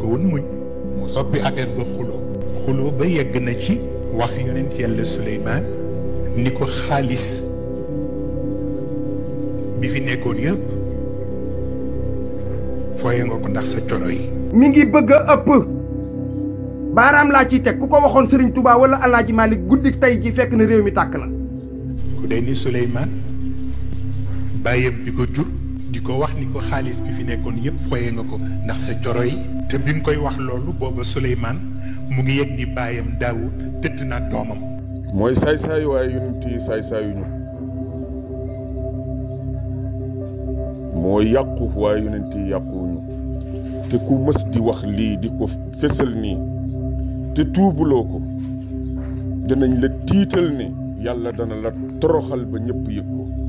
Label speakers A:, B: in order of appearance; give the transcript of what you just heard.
A: ko woon muñ mu soppi affaire ba xuloo xuloo ba yegg na ci wax yonent yàlla Suleymaan ni ko xaalis bi fi nekkoon yëpp fooye nga ko ndax sa coro yi
B: mi ngi bëgg a ëpp baaraam laa ciy teg ku ko waxoon sëriñ Touba wala Alaaji Malik guddi tey ji fekk na réew mi tàkk na
A: ku dee ni Suleymaan bàyyam bi ko jur di ko wax ni ko xaalis bi fi nekkoon yëpp foye nga ko ndax sa coro yi te bi mu koy wax loolu booba Suleymaan mu ngi yëg ni baayam Daawud tëdd na doomam mooy saay-saay waaye
C: yonent yi saay-saayuñu moo yàqu waaye yonent yi yàquwuñu te ku mës di wax lii di ko fësal nii te tuubuloo ko danañ la tiital ne yàlla dana la toroxal ba ñëpp yëg ko